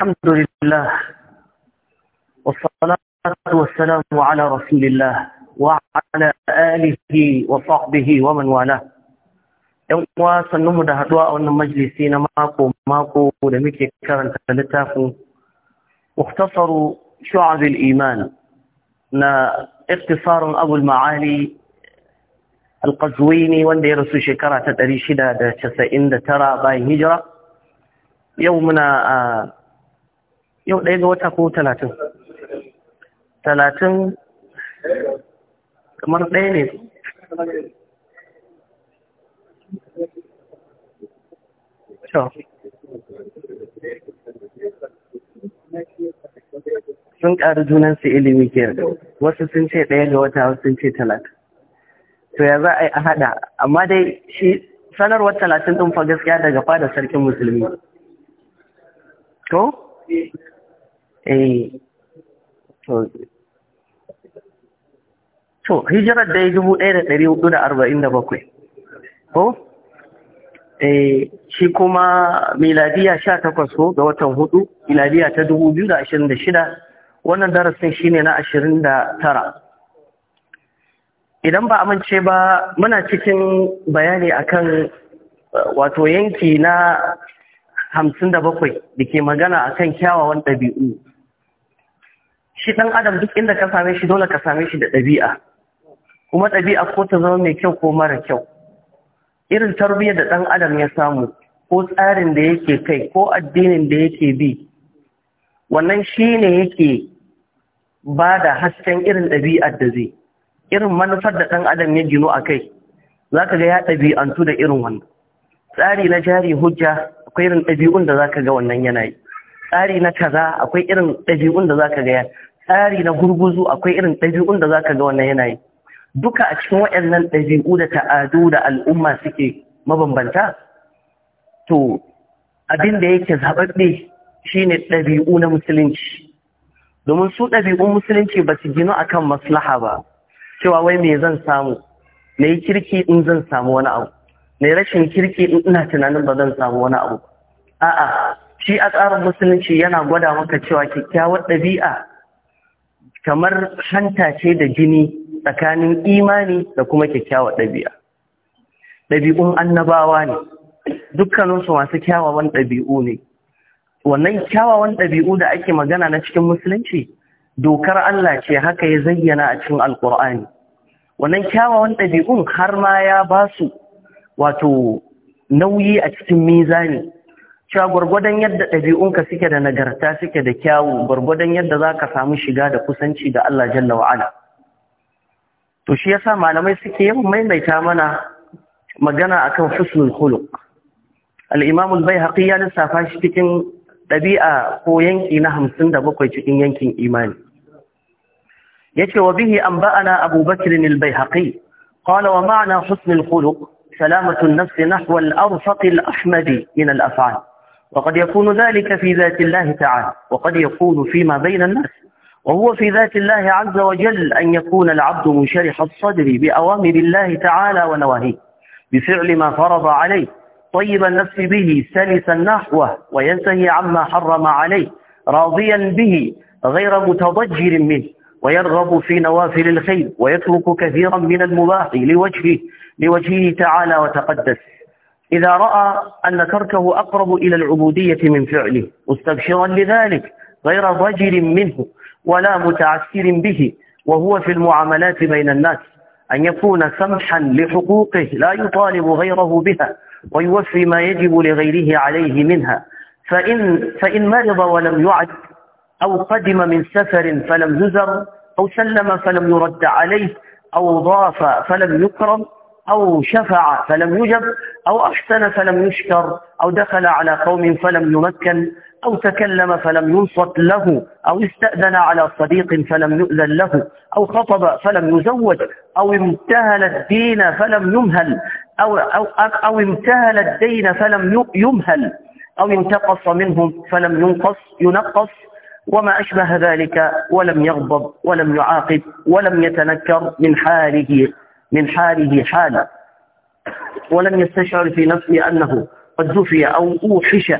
الحمد لله والصلاة والسلام على رسول الله وعلى آله وصحبه ومن والاه ان واسنم ده حدوا اون مجلسينا ماكو ماكو ده ميكي كارن تلتافو مختصر شعب الايمان نا اختصار ابو المعالي القزويني وندي رسو شكرا باي هجره يومنا آه، yau ɗaya ga wata ko talatin talatin kamar ɗaya ne sun ƙari junansu ilimi ke wasu sun ce ɗaya ga wata wasu sun ce talatin to ya za a yi a hada amma dai shi sanarwar talatin ɗin fa gaskiya daga fada sarkin musulmi Ko. Eh. to hijira hijirar da ya dubu ɗaya da ɗari hudu da arba'in da bakwai ko eh shi kuma miladiya sha takwas ko ga watan hudu miladiya ta dubu biyu da ashirin da shida wannan darasin shine na ashirin da tara idan ba amince ba muna cikin bayani akan eh, wato yanki na hamsin da bakwai da ke magana a kan kyawawan ɗabi'u shi ɗan adam duk inda ka same shi dole ka same shi da ɗabi'a kuma ɗabi'a ko ta zama mai kyau ko mara kyau irin tarbiyyar da ɗan adam ya samu ko tsarin da yake kai ko addinin da yake bi wannan shi ne yake ba da hasken irin ɗabi'ar da zai irin manufar da ɗan adam ya gino a kai za ka ga ya ɗabi'antu da irin wannan tsari na jari hujja akwai irin ɗabi'un da za ka ga wannan yanayi tsari na kaza akwai irin ɗabi'un da za ka ga tsari na gurguzu akwai irin ɗabi'un da za ka ga wannan yanayi duka a cikin waɗannan ɗabi'u da ta'adu da al'umma suke mabambanta to abin da yake zaɓaɓɓe shine ɗabi'u na musulunci domin su ɗabi'un musulunci ba su ginu kan maslaha ba cewa wai me zan samu na yi kirki in zan samu wani abu na rashin kirki in ina tunanin ba zan samu wani abu a'a shi a tsarin musulunci yana gwada maka cewa kyakkyawar ɗabi'a kamar hanta ce da jini tsakanin imani da kuma kyakkyawar ɗabi'a ɗabi'un annabawa ne dukkaninsu masu kyawawan ɗabi'u ne wannan kyawawan ɗabi'u da ake magana na cikin musulunci dokar Allah ce haka ya zayyana a cikin alkur'ani wannan kyawawan ɗabi'un har ma ya ba su wato nauyi a cikin mizani cewa gwargwadon yadda ɗabi'unka suke da nagarta suke da kyawu gwargwadon yadda za ka samu shiga da kusanci ga Allah jalla wa'ala to shi yasa malamai suke yawan maimaita mana magana akan husnul khuluq al-imam al-baihaqi ya lissafa shi cikin ɗabi'a ko yanki na hamsin da bakwai cikin yankin imani yace wa bihi anba'ana abubakr al-baihaqi qala wa ma'na husnul khuluq سلامة النفس نحو الأرفق الأحمد من الأفعال وقد يكون ذلك في ذات الله تعالى وقد يكون فيما بين الناس وهو في ذات الله عز وجل أن يكون العبد منشرح الصدر بأوامر الله تعالى ونواهيه بفعل ما فرض عليه طيب النفس به سلسا نحوه وينتهي عما حرم عليه راضيا به غير متضجر منه ويرغب في نوافل الخير ويترك كثيرا من المباح لوجهه لوجهه تعالى وتقدس إذا رأى أن تركه أقرب إلى العبودية من فعله مستبشرا لذلك غير ضجر منه ولا متعسر به وهو في المعاملات بين الناس أن يكون سمحا لحقوقه لا يطالب غيره بها ويوفي ما يجب لغيره عليه منها فإن, فإن مرض ولم يعد أو قدم من سفر فلم يزر أو سلم فلم يرد عليه أو ضاف فلم يكرم أو شفع فلم يجب أو أحسن فلم يشكر أو دخل على قوم فلم يمكن أو تكلم فلم ينصت له أو استأذن على صديق فلم يؤذن له أو خطب فلم يزوج أو امتهل الدين فلم يمهل أو, أو, أو امتهل الدين فلم يمهل أو انتقص منهم فلم ينقص ينقص وما أشبه ذلك ولم يغضب ولم يعاقب ولم يتنكر من حاله من حاله حالا ولم يستشعر في نفسه أنه قد دفي أو أوحش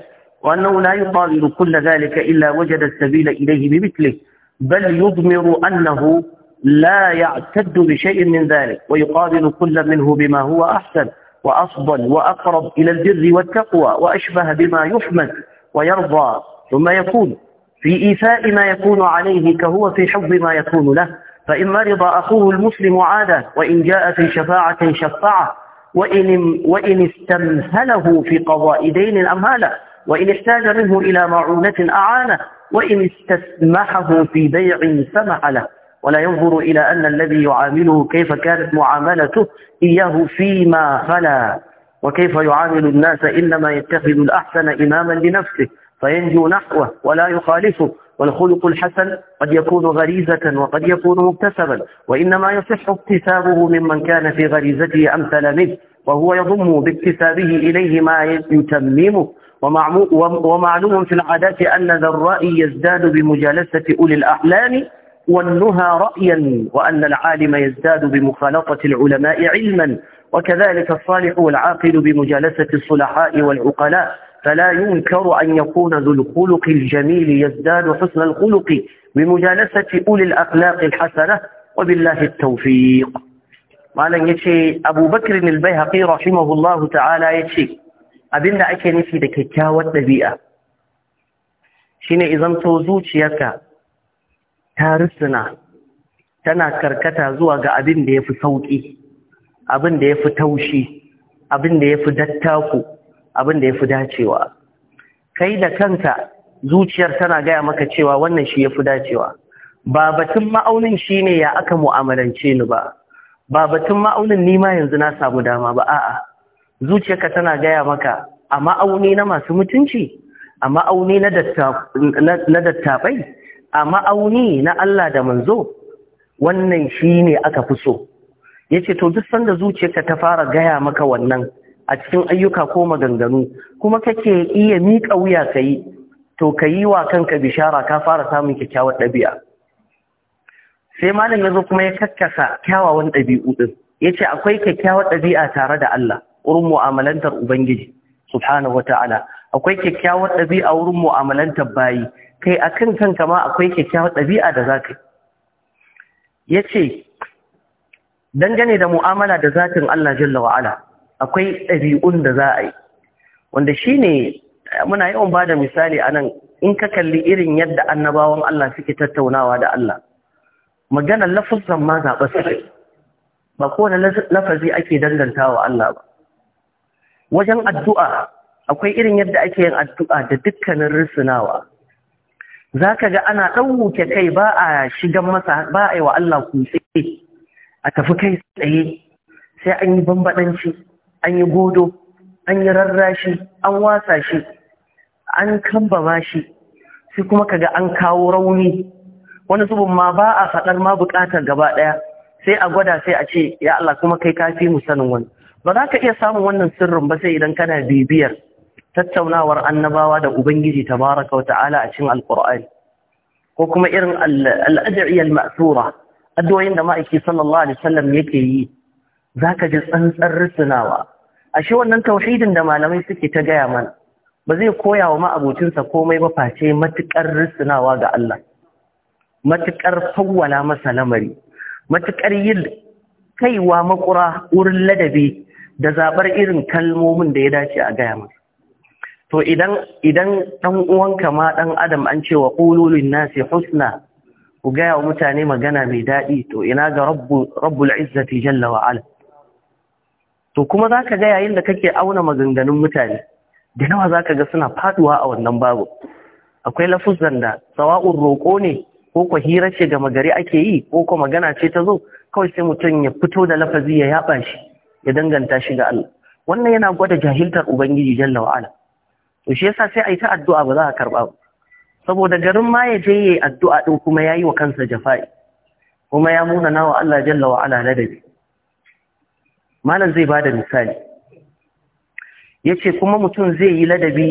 وأنه لا يقابل كل ذلك إلا وجد السبيل إليه بمثله بل يضمر أنه لا يعتد بشيء من ذلك ويقابل كل منه بما هو أحسن وأفضل وأقرب إلى البر والتقوى وأشبه بما يحمد ويرضى ثم يكون في إيفاء ما يكون عليه كهو في حب ما يكون له فإن مرض أخوه المسلم عاده وإن جاء في شفاعة شفعه وإن, وإن استمهله في قضاء دين أمهله وإن احتاج منه إلى معونة أعانه وإن استسمحه في بيع سمح له ولا ينظر إلى أن الذي يعامله كيف كانت معاملته إياه فيما خلا وكيف يعامل الناس إنما يتخذ الأحسن إماما لنفسه فينجو نحوه ولا يخالفه والخلق الحسن قد يكون غريزة وقد يكون مكتسبا وإنما يصح اكتسابه ممن كان في غريزته أمثل منه وهو يضم باكتسابه إليه ما يتممه ومعلوم في العادات أن ذا الرأي يزداد بمجالسة أولي الأحلام والنهى رأيا وأن العالم يزداد بمخالطة العلماء علما وكذلك الصالح والعاقل بمجالسة الصلحاء والعقلاء فلا ينكر أن يكون ذو الخلق الجميل يزداد حسن الخلق بمجالسة أولي الأخلاق الحسنة وبالله التوفيق مالا يتشي أبو بكر البيهقي رحمه الله تعالى يتشي أبن لا أكي نفي دك كاوة نبيئة شين إذا توزوت يكا تارسنا تنا كركتا زوغا أبن ديف صوتي أبن ديف توشي أبن ديف دتاكو abin da ya fi dacewa kai da kanka zuciyar tana gaya maka cewa wannan shi ya fi dacewa ba batun ma'aunin shi ne ya aka mu'amalance ni ba ba batun ma'aunin nima yanzu na samu dama ba a'a zuciyarka tana gaya maka a ma'auni na masu mutunci a ma'auni na dattabai a ma'auni na Allah da manzo wannan shi ne aka fi so yace to duk sanda zuciyarka ta fara gaya maka wannan a cikin ayyuka ko maganganu kuma kake iya miƙa wuya ka yi to ka yi wa kanka bishara ka fara samun kyakkyawar ɗabi'a sai malam ya kuma ya kakkasa kyawawan ɗabi'u ɗin ya ce akwai kyakkyawar ɗabi'a tare da Allah wurin mu'amalantar Ubangiji subhanahu wa ta'ala akwai kyakkyawar ɗabi'a wurin mu'amalantar bayi kai a kan kanka ma akwai kyakkyawar ɗabi'a da za ka yi. ya ce dangane da mu'amala da zatin Allah jalla wa'ala akwai ɗabi'un da za a yi wanda shi ne muna yawan ba da misali a nan in ka kalli irin yadda annabawan Allah suke tattaunawa da Allah maganar lafazan ma zaɓa suke ba kowane lafazi ake danganta wa Allah ba wajen addu'a akwai irin yadda ake yin addu'a da dukkanin risinawa za ka ga ana ɗauke kai ba a shigan masa ba a yi wa Allah kutse a tafi kai tsaye sai an yi bambaɗanci an yi godo an yi rarrashi an wasa shi an kambama shi sai kuma kaga an kawo rauni wani zubin ma ba a faɗar ma buƙatar gaba ɗaya sai a gwada sai a ce ya Allah kuma kai ka fi mu sanin wani ba za ka iya samun wannan sirrin ba sai idan kana bibiyar tattaunawar annabawa da ubangiji tabaraka wa ta'ala a cikin alqur'ani ko kuma irin al-ad'iya al-ma'thura addu'o'in da ma'aiki sallallahu alaihi wasallam yake yi Zaka ji tsantsar risinawa ashe wannan tauhidin da malamai suke ta gaya mana ba zai koya wa ma'abocinsa komai ba face matuƙar risinawa ga Allah matuƙar fawwala masa lamari matuƙar yin kaiwa makura wurin ladabi da zabar irin kalmomin da ya dace a gaya masa to idan idan ɗan uwanka ma dan adam an ce wa qululin nasi husna ku gaya wa mutane magana mai daɗi to ina ga rabbul izzati jalla wa ala to kuma za ka ga yayin da kake auna maganganun mutane da nawa za ka ga suna faduwa a wannan babu akwai lafuzan da sawa'un roƙo ne ko kwa hira ce gama gari ake yi ko kwa magana ce ta zo kawai sai mutum ya fito da lafazi ya yaba shi ya danganta shi ga Allah wannan yana gwada jahiltar ubangiji jalla wa'ala to shi yasa sai a yi ta addu'a ba za a karba ba saboda garin ma ya je yayi addu'a din kuma yayi wa kansa jafa'i kuma ya muna nawa Allah jalla wa'ala ladabi malam zai bada misali yace kuma mutum zai yi ladabi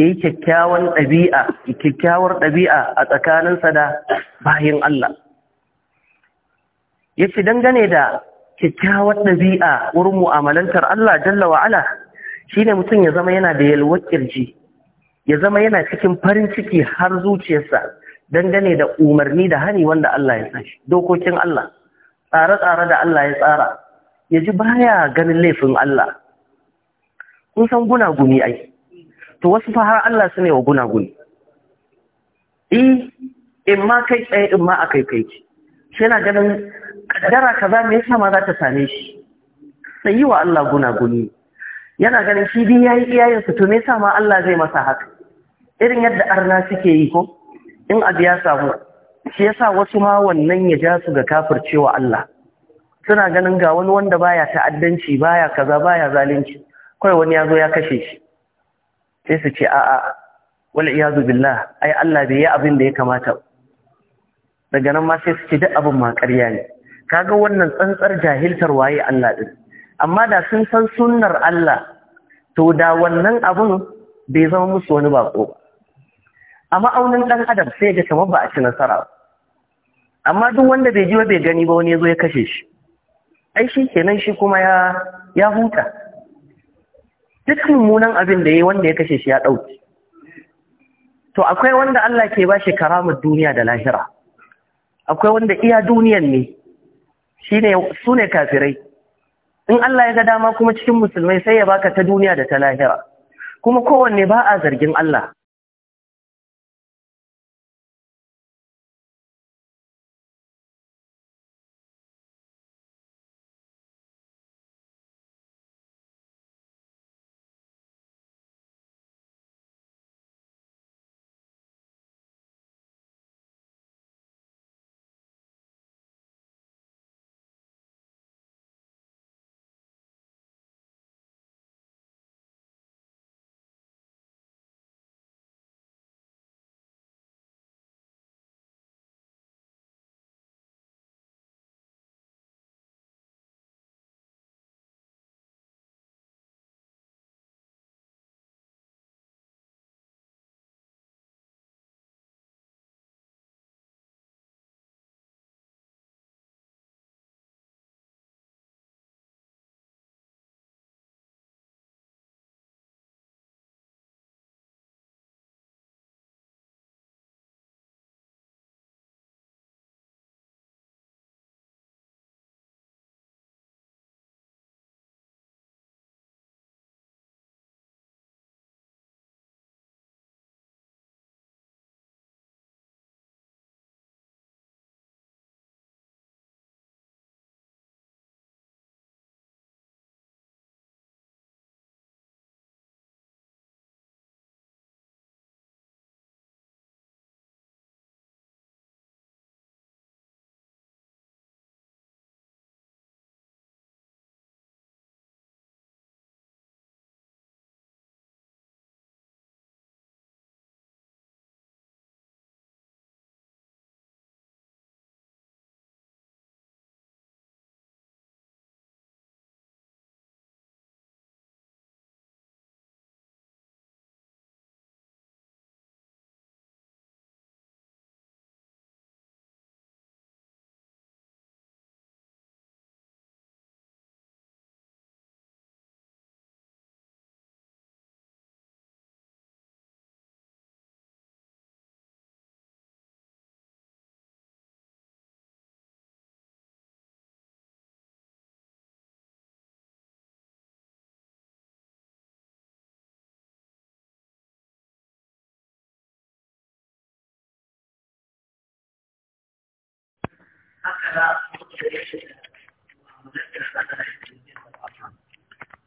yayi kyakkyawan dabi'a kyakkyawar ɗabi'a a tsakaninsa da bayin Allah yace dangane da kyakkyawar ɗabi'a wurin mu'amalantar Allah jalla wa ala shine mutum ya zama yana da yalwar kirji ya zama yana cikin farin ciki har zuciyarsa dangane da umarni da hani wanda Allah ya sashi dokokin Allah tsare-tsare da Allah ya tsara ya ji baya ganin laifin Allah kun san gunaguni ai to wasu fa har Allah su ne wa gunaguni eh in ma kai tsaye in ma a kai ki sai yana ganin kaddara kaza me yasa ma za ta same shi sai yi wa Allah gunaguni yana ganin shi din yayi iyayensa to me yasa ma Allah zai masa haka irin yadda arna suke yi ko in abu ya samu shi yasa wasu ma wannan ya ja su ga kafircewa Allah suna ganin ga wani wanda baya ta'addanci baya kaza baya zalunci kawai wani ya zo ya kashe shi sai su ce a'a wal iyazu billah ai Allah bai yi abin da ya kamata daga nan ma sai su ce duk abin ma ƙarya ne kaga wannan tsantsar jahiltar waye Allah din amma da sun san sunnar Allah to da wannan abin bai zama musu wani bako ba a ma'aunin ɗan adam sai ga kamar ba a ci nasara amma duk wanda bai ji ba bai gani ba wani ya zo ya kashe shi ai shi kenan shi kuma ya ya huta duk mummunan abin da yayi wanda ya kashe shi ya dauke to akwai wanda Allah ke ba shi karamar duniya da lahira akwai wanda iya duniyan ne shine sune kafirai in Allah ya ga dama kuma cikin musulmai sai ya baka ta duniya da ta lahira kuma kowanne ba a zargin Allah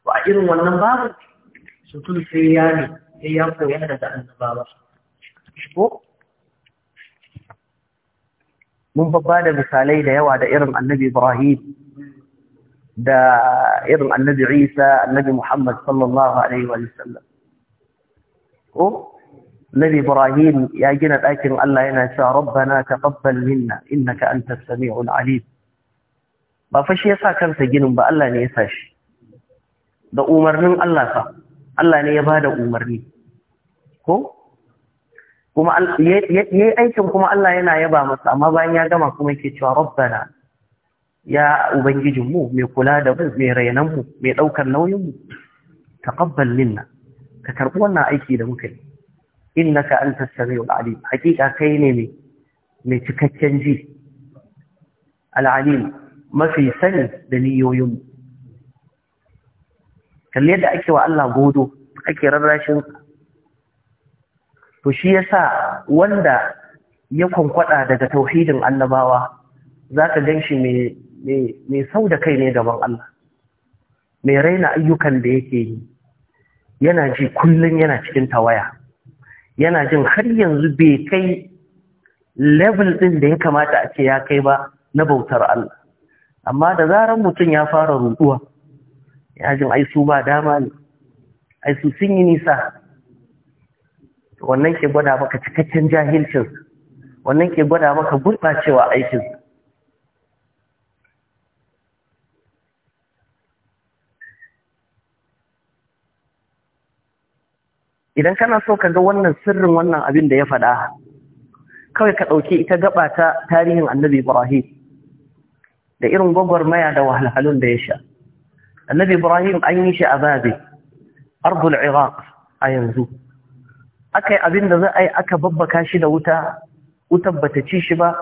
وأجر والنظار ستون في يامي يعني في يامي ويهدد النظار شبو من فبادة مثالي دا يوعد إرم النبي إبراهيم دا إرم النبي عيسى النبي محمد صلى الله عليه وسلم أوه Nabi Ibrahim ya gina ɗakin Allah yana cewa Rabbana taqabbal minna innaka antas sami'ul alim. Ba fa shi yasa kansa ginin ba Allah ne ya sa shi. Da umarnin Allah fa, Allah ne ya bada umarni. Ko? Kuma yayi aikin kuma Allah yana yaba masa amma bayan ya gama kuma yake cewa Rabbana ya Ubangijin mu, mai kula da mu mai mu, mai ɗaukar mu, taqabbal minna ka karɓi wannan aiki da muka yi innaka antas samiul alim hakika kai ne mai cikakken ji al'alim mafi sani da niyoyin kalle yadda ake wa Allah godo ake rarrashin to shi yasa wanda ya kwankwada daga tauhidin annabawa zaka ganshi mai mai sau da kai ne gaban Allah mai raina ayyukan da yake yi yana ji kullum yana cikin tawaya yana jin har yanzu bai kai level ɗin da ya kamata a ce ya kai ba na bautar Allah amma da zaran mutum ya fara ruɗuwa ya jin ai su ba dama ne ai su sun yi nisa wannan ke gwada maka cikakken jahilcin wannan ke gwada maka gurɓacewa aikinsa idan kana so ka ga wannan sirrin wannan abin da ya faɗa kawai ka ɗauki ita gaba ta tarihin annabi ibrahim da irin gwagwarmaya da wahalhalun da ya sha annabi ibrahim an yi shi a babe ardul iraq a yanzu aka yi abin da za a yi aka babbaka shi da wuta wutar bata ci shi ba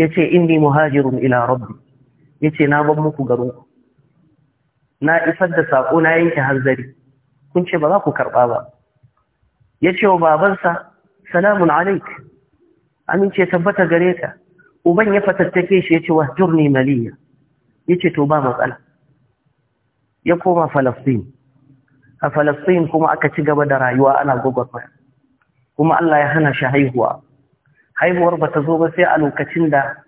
ya ce inni muhajirun ila rabbi ya ce na ban muku garinku na isar da saƙo na yanke hanzari kun ce ba za ku karɓa ba ya ce wa babansa salamun alaik amince tabbata gare ka uban ya fatattake shi ya ce wa, turni maliya ya ce to ba matsala ya koma falastin a falastin kuma aka ci gaba da rayuwa ana gwagwarmaya kuma Allah ya hana shi haihuwa haihuwar ba ta zo ba sai a lokacin da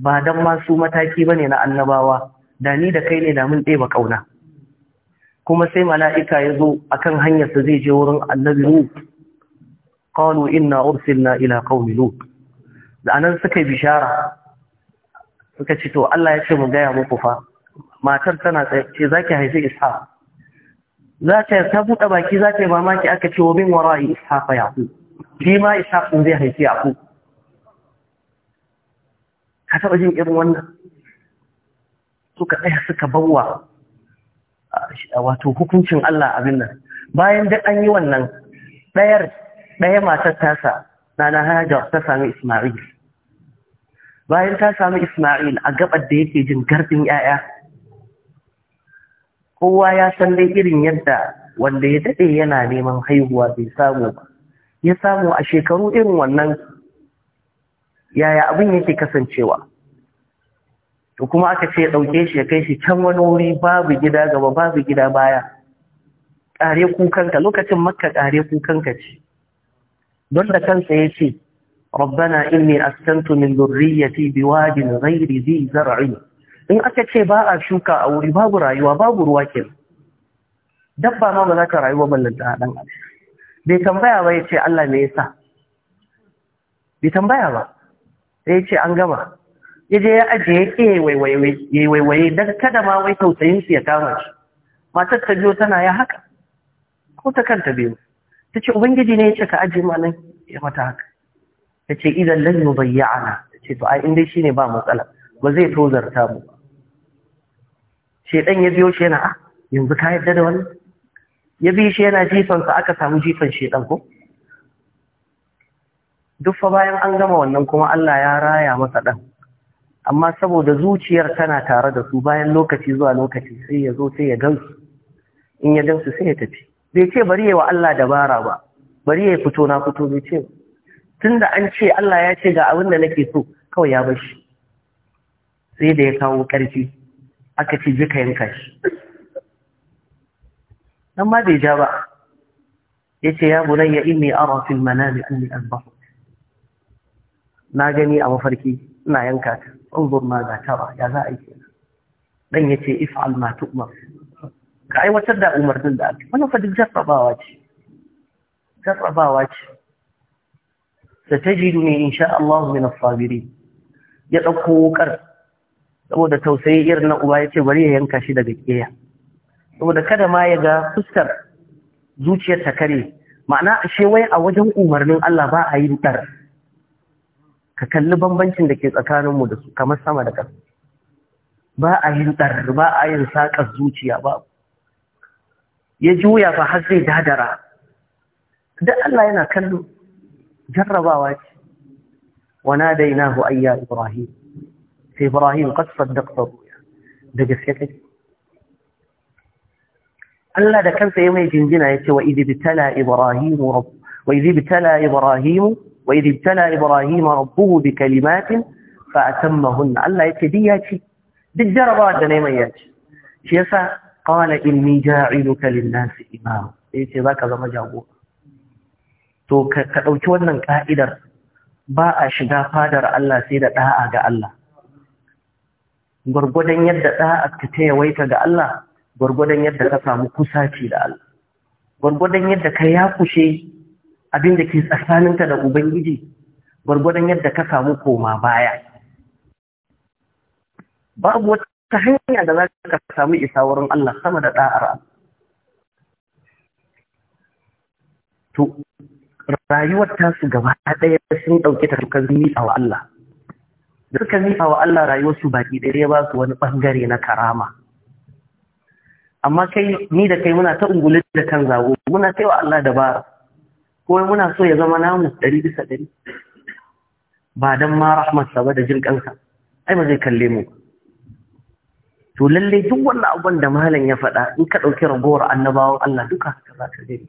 ba don masu mataki ba ne na annabawa da ni da kai ne da mun ɗeba ƙauna kuma sai mala'ika ya zo a kan hanyarsa zai je wurin annabi Lut, ƙalu ina ursilna ila ƙaumi Lut. Da anan suka yi bishara, suka ce, To, Allah ya ce mu gaya muku fa, matar tana ce za ki haifi Isha. Za ta ta buɗe baki za ta yi mamaki aka ce wa bin wara'i Isha fa yaƙu, shi ma kun zai haifi yaƙu. Ka taɓa jin irin wannan? Suka tsaya suka bawa wato hukuncin Allah abin nan bayan da an yi wannan ɗayar ɗaya matar tasa na hajar ta sami Ismail bayan ta sami Ismail a gabar da yake jin garbin ‘ya'ya kowa ya san dai irin yadda wanda ya daɗe yana neman haihuwa bai samu ba ya samu a shekaru irin wannan yaya abin yake kasancewa to kuma aka ce ɗauke shi ya kai shi can wani wuri babu gida gaba babu gida baya ƙare kukanka lokacin makka ƙare kukanka ce don da kansa ya ce rabbana inni askantu min dhurriyyati biwadin ghairi zi zar'i in aka ce ba a shuka a wuri babu rayuwa babu ruwa ke dabba ma ba za ta rayuwa ballanta dan bai tambaya ba ya ce Allah me yasa bai tambaya ba sai ya ce an gama ya je ya ajiye ya yi waiwaye don kada ma wai tausayin ya kama shi matar ta biyo tana ya haka ko ta kanta biyu ta ce ubangiji ne ya ce ka ajiye ma nan ya mata haka ta ce idan lan yi ana. ta ce to a inda shi ne ba matsala ba zai tozarta mu ce dan ya biyo shi yana a ah, yanzu ka yadda da wannan ya bi shi yana jifan jifansa aka samu jifan shi dan ko duk fa bayan an gama wannan kuma Allah ya raya masa dan amma saboda zuciyar tana tare da su bayan lokaci zuwa lokaci sai ya zo sai ya gansu in ya gansu sai ya tafi bai ce bari ya wa Allah dabara ba bari ya fito na fito bai ce tunda an ce Allah ya ce ga abin da nake so kawai ya bar shi sai da ya kawo ƙarfi aka ce jika yanka shi nan ma bai ja ba ya ce ya bunayya inni ara fil manami anni azbahu na gani a mafarki ina yanka ta انظر ماذا ترى يا ذا أيكي dan ya ce if'al ma tu'mar ka aiwatar da umarnin da aka wannan fa duk jarrabawa ce jarrabawa ce satajiduni insha Allah min as-sabirin ya dauko wukar saboda tausayi irin na uba yace bari ya yanka shi daga kiya saboda kada ma ya ga fuskar zuciyar ta ma'ana ashe wai a wajen umarnin Allah ba a yi dar ka kalli bambancin da ke tsakaninmu da su kamar sama da ƙasa ba a yin ɗar ba a yin saƙar zuciya ba ya juya ba har zai dadara duk Allah yana kallo jarrabawa ce wana da ina ayya ibrahim sai ibrahim qad saddaqta ruya da gaske kake Allah da kansa ya mai jinjina ya ce wa idh bitala ibrahim rabb wa idh bitala ibrahim Wa'idibta na ibrahima Rabuhubi kalimafin ba'a canza hunna. Allah ya ce bi ya ce, da na mai yaci Shi yasa sa kawana ilmi jaci muka lindas sai yace zaka zama jagoran. To ka ɗauki wannan ƙa'idar, ba a shiga fadar Allah, sai da ɗa'a ga Allah. Gwargwadon yadda ɗa'a kata ya wai ga Allah, gwargwadon yadda ka samu kusa shi da Allah. Gwargwadon yadda ka ya kushe. abin da ke tsakaninka da ubangiji gwargwadon yadda ka samu koma baya babu wata hanya da za ka samu isa wurin Allah sama da ɗa'ar to rayuwar tasu gaba ɗaya sun ɗauke ta suka a wa Allah da suka miƙa wa Allah rayuwar su baki ɗaya ba su wani ɓangare na karama amma kai ni da kai muna ta ungulu da kan zago muna kai wa Allah dabara kuma muna so ya zama namu ɗari bisa ɗari ba don ma rahmatsa ba da jin kansa ai ba zai kalle mu to lalle duk wannan abin da malam ya faɗa in ka ɗauki ragowar annabawan Allah duka ka za ka gani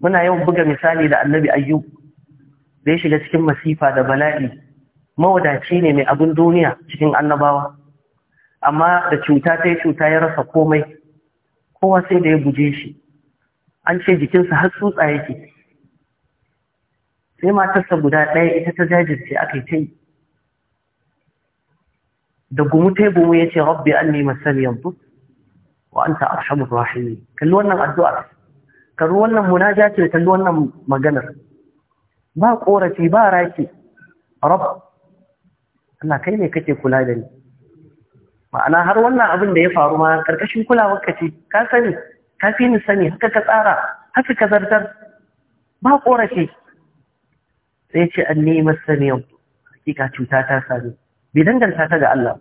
muna yawan buga misali da annabi ayyub da ya shiga cikin masifa da bala'i mawadaci ne mai abin duniya cikin annabawa amma da cuta ta yi cuta ya rasa komai kowa sai da ya guje shi an ce jikinsa har tsutsa yake sai matarsa guda ɗaya ita ta jajirce aka yi ta yi da gumu ta gumu ya ce rabbi an nema saniyan bu wa an ta arhamu rahimi kalli wannan addu'a kalli wannan munaja ce kalli wannan maganar ba korafi ba raki rab Allah kai ne kake kula da ni ma'ana har wannan abin da ya faru ma karkashin kulawarka ce ka sani ka fi ni sani haka ka tsara haka ka zartar ba ƙorafi. sai ce an nema samiyan hakika cuta ta sami bai danganta ta ga Allah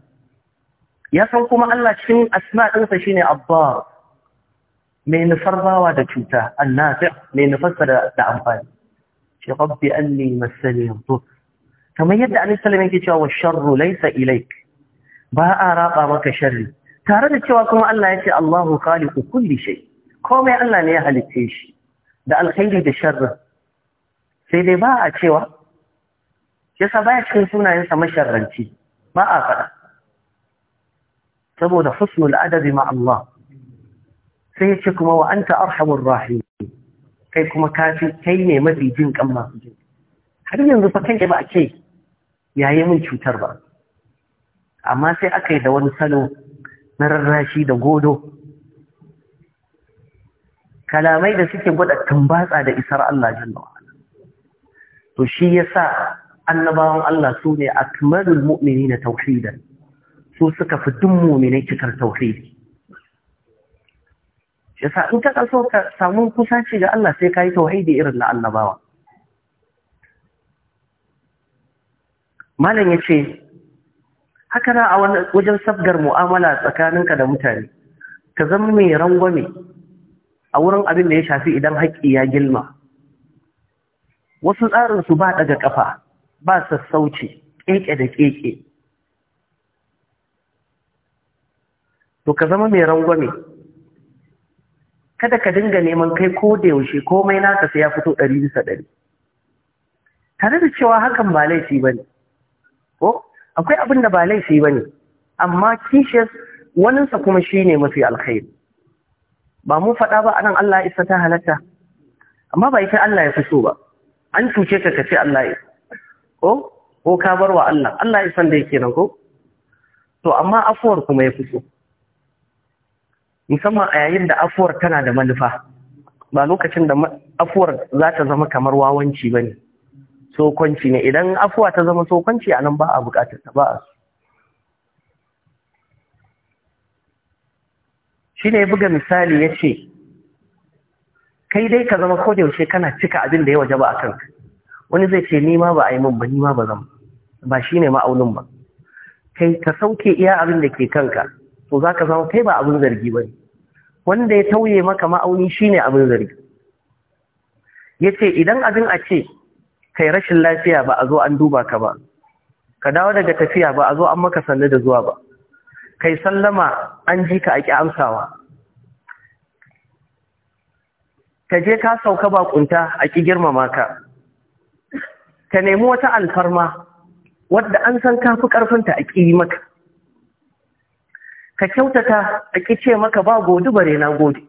ya san kuma Allah cikin asma ɗinsa ne Abba mai nufar bawa da cuta annafi mai nufarsa da amfani shi rabbi anni masaniyan dhur kamar yadda annabi sallallahu yake cewa sharru laysa ilaik ba a raba maka sharri tare da cewa kuma Allah ya ce Allahu khaliqu kulli shay komai Allah ne ya halitta shi da alkhairi da sharri sai dai ba a cewa yasa ya cikin sunayensa masharranci ba a faɗa saboda husnul adabi ma Allah sai ya ce kuma wa anta arhamur rahim kai kuma kafi kai ne mafi jin kan masu jin har yanzu fa kai ba a ce yayi min cutar ba amma sai aka yi da wani salo na rarrashi da godo kalamai da suke gwada tambatsa da isar Allah jalla wa to shi yasa annabawan Allah su ne akmalul mu'minina tauhidan su suka fi duk mu'minai cikar tauhidi yasa in ka kaso ka samu kusanci ga Allah sai kai tauhidi irin na annabawa malam yace haka na a wajen sabgar mu'amala tsakaninka da mutane ka zama mai rangwame a wurin abin da ya shafi idan haƙƙi ya gilma wasu tsarinsu ba daga ƙafa ba sassauci ƙeƙe da ƙeƙe to ka zama mai rangwame kada ka dinga neman kai ko da yaushe komai naka sai ya fito ɗari bisa ɗari tare da cewa hakan ba laifi ba ne ko akwai abin da ba laifi ba ne amma kishiyar waninsa kuma shi ne mafi alkhairi ba mun faɗa ba anan Allah isa ta halatta amma ba ita Allah ya fi so ba an cuce ka ka ce Allah ya ko ko ka bar wa Allah Allah ya san da yake nan ko to amma afuwar kuma ya fi so musamman a yayin da afuwar tana da manufa ba lokacin da afuwar za ta zama kamar wawanci ba ne sokwanci ne idan afuwa ta zama sokwanci a nan ba a buƙatar ta ba a so shi ne buga misali ya ce kai dai ka zama ko shi kana cika abin da ya waje ba a kanka wani zai ce ni ba a yi min ba ni ba zama. ba shi ne ma'aunin ba kai ka sauke iya abin da ke kanka to za ka zama kai ba abin zargi ba ne wanda ya tauye maka ma'auni shi ne abin zargi ya ce idan abin a ce kai rashin lafiya ba a zo an duba ka ba ka dawo daga tafiya ba a zo an maka sannu da zuwa ba kai sallama an ji ka ake amsawa ka je ka sauka bakunta a ki girmama ka ka nemi wata alfarma wadda an san kafi karfinta a ki maka ka kyautata a ki ce maka ba godi bare na gode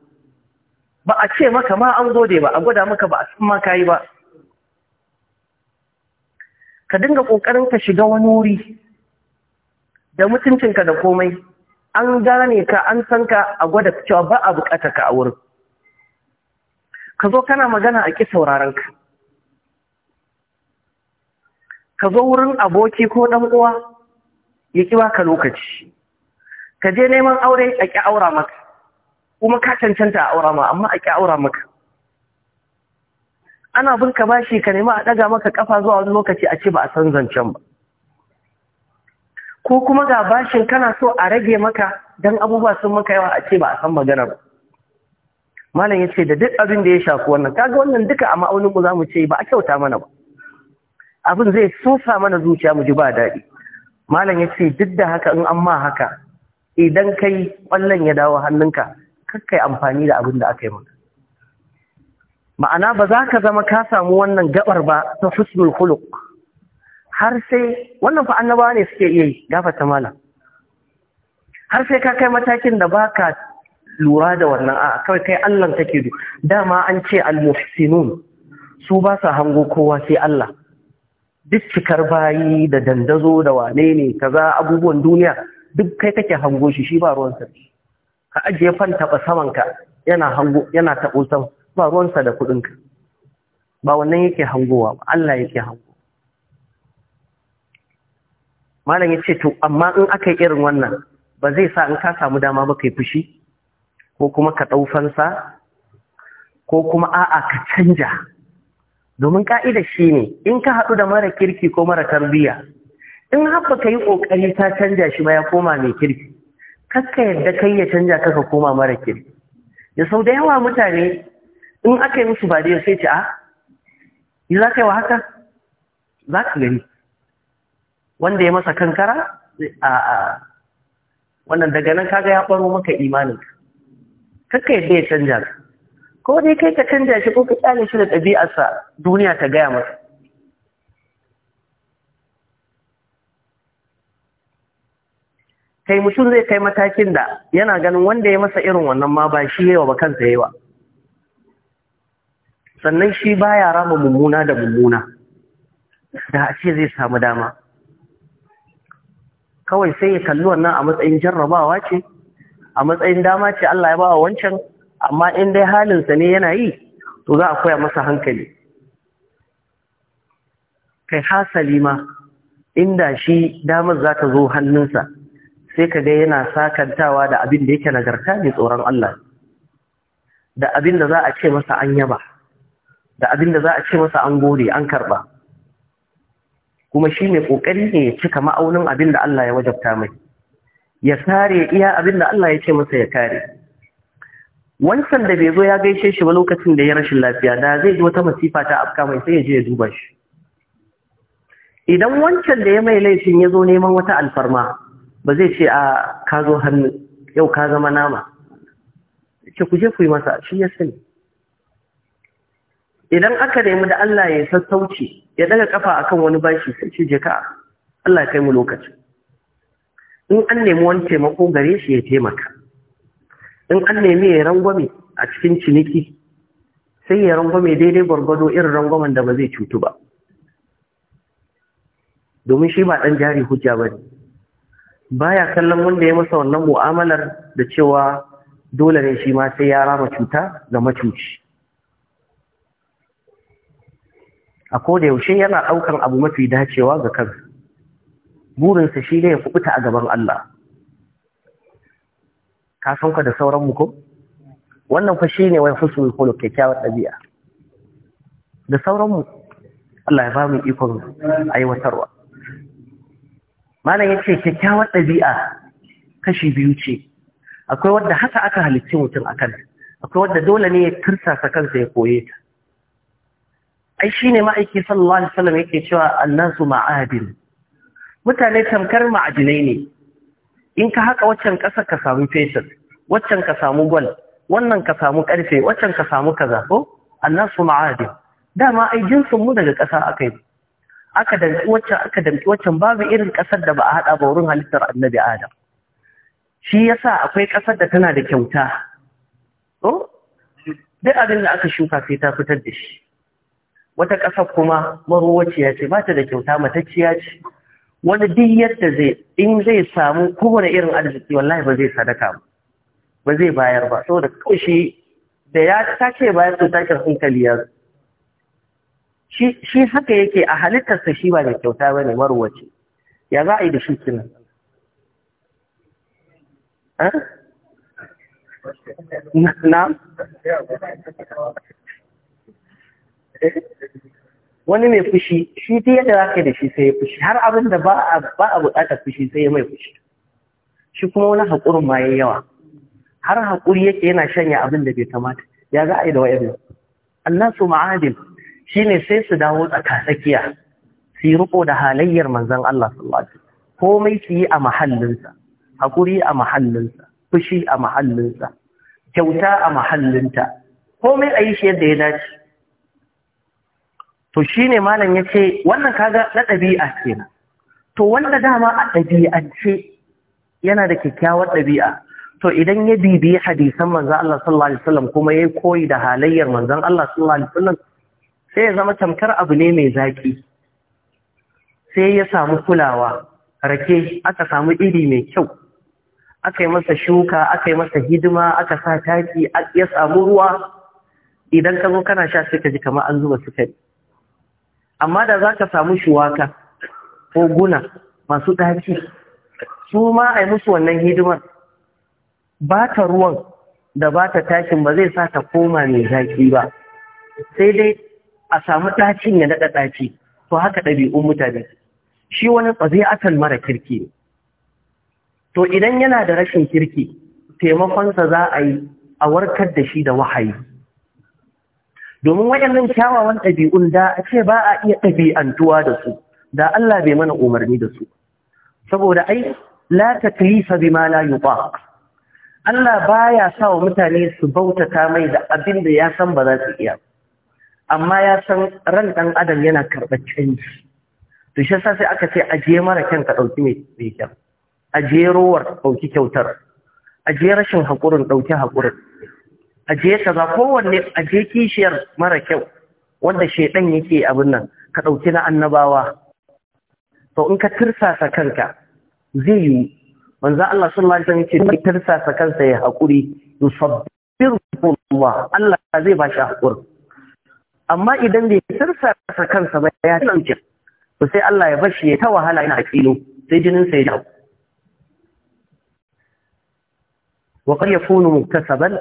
ba a ce maka ma an gode ba a gwada maka ba a san ma yi ba ka dinga ƙoƙarin ka shiga wani wuri da mutuncinka da komai an gane ka an san ka a gwada cewa ba a bukata ka a wurin ka zo kana magana a ƙi sauraron ka ka zo wurin aboki ko ɗan uwa ya ƙi baka lokaci ka je neman aure a ƙi aura maka kuma ka cancanta a aura ma amma a ƙi aura maka ana bin ka bashi ka nema a ɗaga maka ƙafa zuwa wani lokaci a ce ba a san zancen ba ko kuma ga bashin kana so a rage maka don abubuwa sun maka yawa a ce ba a san magana ba malam ya ce da duk abin da ya shafi wannan kaga wannan duka a mu za mu ce ba a kyauta mana ba abin zai sosa mana zuciya mu ji ba daɗi malam ya ce duk da haka in an ma haka idan kai ƙwallon ya dawo hannunka kar kai amfani da abin da aka yi maka ma'ana ba za ka zama ka samu wannan gabar ba ta husnul huluk. har sai wannan fa annabawa ne suke iya yi gafata mala har sai ka kai matakin da baka lura da wannan a kawai kai Allah take du dama an ce al-muhsinun su ba sa hango kowa sai Allah duk cikar bayi da dandazo da wane ne kaza abubuwan duniya duk kai kake hango shi shi ba ruwan sa ka ajiye fan taba saman ka yana hango yana tabo ba ruwan sa da kudin ka ba wannan yake hangowa Allah yake hango malam ya ce to amma in aka yi irin wannan ba zai sa in ka samu dama ba kai fushi ko kuma ka ɗau ko kuma a'a ka canja domin ka'ida shi ne in ka haɗu da mara kirki ko mara tarbiyya in haɓa ka yi ƙoƙari ta canja shi ba ya koma mai kirki kakka yadda kai ya canja kaka koma mara kirki da sau da yawa mutane in aka yi musu ba da sai ce a ah, yi za ka yi wa haka za ka gani wanda ya masa kankara a a wannan daga nan kaga ya ɓaro maka imanin kakka yadda ya canja ka ko dai kai ka canja shi ko ka kyale shi da ɗabi'arsa duniya ta gaya masa kai mutum zai kai matakin da yana ganin wanda ya masa irin wannan ma ba shi yawa ba kansa yawa sannan shi baya rama mummuna da mummuna da a ce zai samu dama kawai sai ya kalli wannan a matsayin jarrabawa ce a matsayin dama ce Allah ya bawa wancan amma in dai halinsa ne yana yi to za a koya masa hankali kai hasali ma inda shi damar za ta zo hannunsa sai ka ga yana sakantawa da abin da yake nagarta ne tsoron Allah da abin da za a ce masa an yaba da abin da za a ce masa an gode an karba kuma shi mai kokari ne ya cika ma'aunin abin da Allah ya wajabta mai ya kare iya abin da Allah ya ce masa ya kare wancan da bai zo ya gaishe shi ba lokacin da ya rashin lafiya da zai ji wata masifa ta afka mai sai ya je ya duba shi idan wancan da ya mai laifin ya zo neman wata alfarma ba zai ce a ka zo hannu yau ka zama nama ce ku je ku yi masa shi ya sani idan aka nemi da Allah ya sassauci ya daga kafa akan wani bashi sai ce je ka Allah ya kai mu lokaci in an nemi wani taimako gare shi ya taimaka in an nemi ya rangwame a cikin ciniki sai ya rangwame daidai gwargwado irin rangwamen da ba zai cutu ba domin shi ba ɗan jari hujja ba ne baya kallon wanda ya masa wannan mu'amalar da cewa dole ne shi ma sai ya rama cuta ga macuci a koda yaushe yana ɗaukan abu mafi dacewa ga kansa burinsa shi ne ya kubuta a gaban Allah ka san ka da sauran mu ko wannan fa ne wai husnul khuluq kyakkyawar ɗabi'a da sauran mu Allah ya ba mu ikon aiwatarwa malam yace kyakkyawar ɗabi'a kashi biyu ce akwai wadda haka aka halicci mutum akan akwai wadda dole ne ya tursasa kansa ya koye ta ai shine ma'aiki sallallahu alaihi wasallam yake cewa annasu ma'adin mutane tamkar ma'adinai ne in ka haka waccan ƙasa ka samu fetur waccan ka samu gwal wannan ka samu ƙarfe waccan ka samu kaza ko annasu ma'adin dama ai mu daga ƙasa aka yi aka damƙi waccan aka waccan babu irin ƙasar da ba a haɗa ba wurin halittar annabi adam shi yasa akwai ƙasar da tana da kyauta duk abin da aka shuka sai ta fitar da shi wata ƙasa kuma maruwaciya ce ba ta da kyauta matacciya ce wani duk yadda zai in zai samu kowane irin arziki wallahi ba zai sadaka ba ba zai bayar ba saboda kawai da ya tace bayar to tashin hankali ya shi shi haka yake a halittarsa shi ba da kyauta ba ne marwace ya za a yi da shi kinan na wani mai fushi shi ta yadda za ka yi da shi sai ya fushi har abin da ba a buƙatar fushi sai ya mai fushi shi kuma wani haƙurin ma yawa har haƙuri yake yana shanya abin da bai kamata ya za a yi da wa'yan Allah su Ma'adin shi ne sai su dawo tsakatsakiya su yi riko da halayyar manzan Allah sallallahu alaihi komai su yi a mahallinsa haƙuri a mahallinsa fushi a mahallinsa kyauta a mahallinta komai a yi shi yadda ya dace to shi ne malam ya ce wannan kaga na ɗabi'a kenan to wanda dama a ɗabi'ance yana da kyakkyawar ɗabi'a to idan ya bibiyi hadisan manzon Allah sallallahu alaihi wasallam kuma ya koyi da halayyar manzon Allah sallallahu alaihi wasallam sai ya zama tamkar abu ne mai zaki sai ya samu kulawa rake aka samu iri mai kyau aka yi masa shuka aka yi masa hidima aka sa taki ya samu ruwa idan ka zo kana sha sai ka ji kamar an zuba sukari amma da za ka samu shuwaka ko guna masu ɗaki su ma a yi musu wannan hidimar ba ta ruwan da ba ta tashin ba zai sa ta koma mai zaƙi ba sai dai a samu ɗakin ya daɗa ɗaki, to haka ɗabi'un mutane shi wani tsazi'atan mara kirki to idan yana da rashin kirki taimakonsa za a yi a warkar da shi da wahayi domin waɗannan kyawawan ɗabi'un da a ce ba a iya ɗabi'antuwa da su da Allah bai mana umarni da su saboda ai la bi bima la yuba Allah baya sa wa mutane su bautata mai da abin da ya san ba za su iya amma ya san ran ɗan adam yana karɓar canji to shi sai aka ce ajiye mara kyan ka ɗauki mai kyan ajiye rowar ɗauki kyautar ajiye rashin haƙurin ɗauki haƙurin aje za kowanne aje kishiyar mara kyau wanda shedan yake abin nan ka dauki na annabawa to in ka tirsasa kanka zai yi manzo Allah sallallahu alaihi wasallam yake tirsasa kansa ya hakuri yusabbiru Allah Allah zai ba shi hakuri amma idan bai tirsasa kansa ba ya tsanci to sai Allah ya bashi ya ta wahala yana kilo sai jinin sai ya wa qad yakunu muktasaban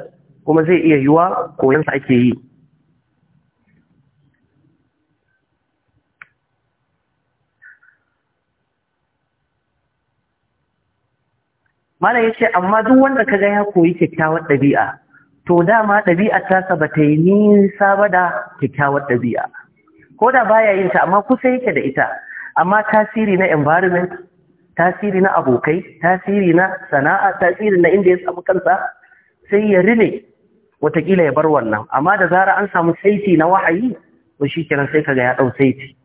kuma zai iya yiwa koyansa ake yi mana ya ce, amma duk wanda ka ga ya koyi kyakkyawar ɗabi'a, to dama ɗabi'a tasa ba ta yi nisa ba da kyakkyawar ɗabi'a. Ko da baya yin ta, amma kusa yake da ita, amma tasiri na environment, tasiri na abokai, tasiri na sana'a, tasiri na inda ya samu kansa, sai ya rine Wataƙila ya bar wannan amma da zara an samu saiti na wahayi to shi kiran sai kaga ya dau saiti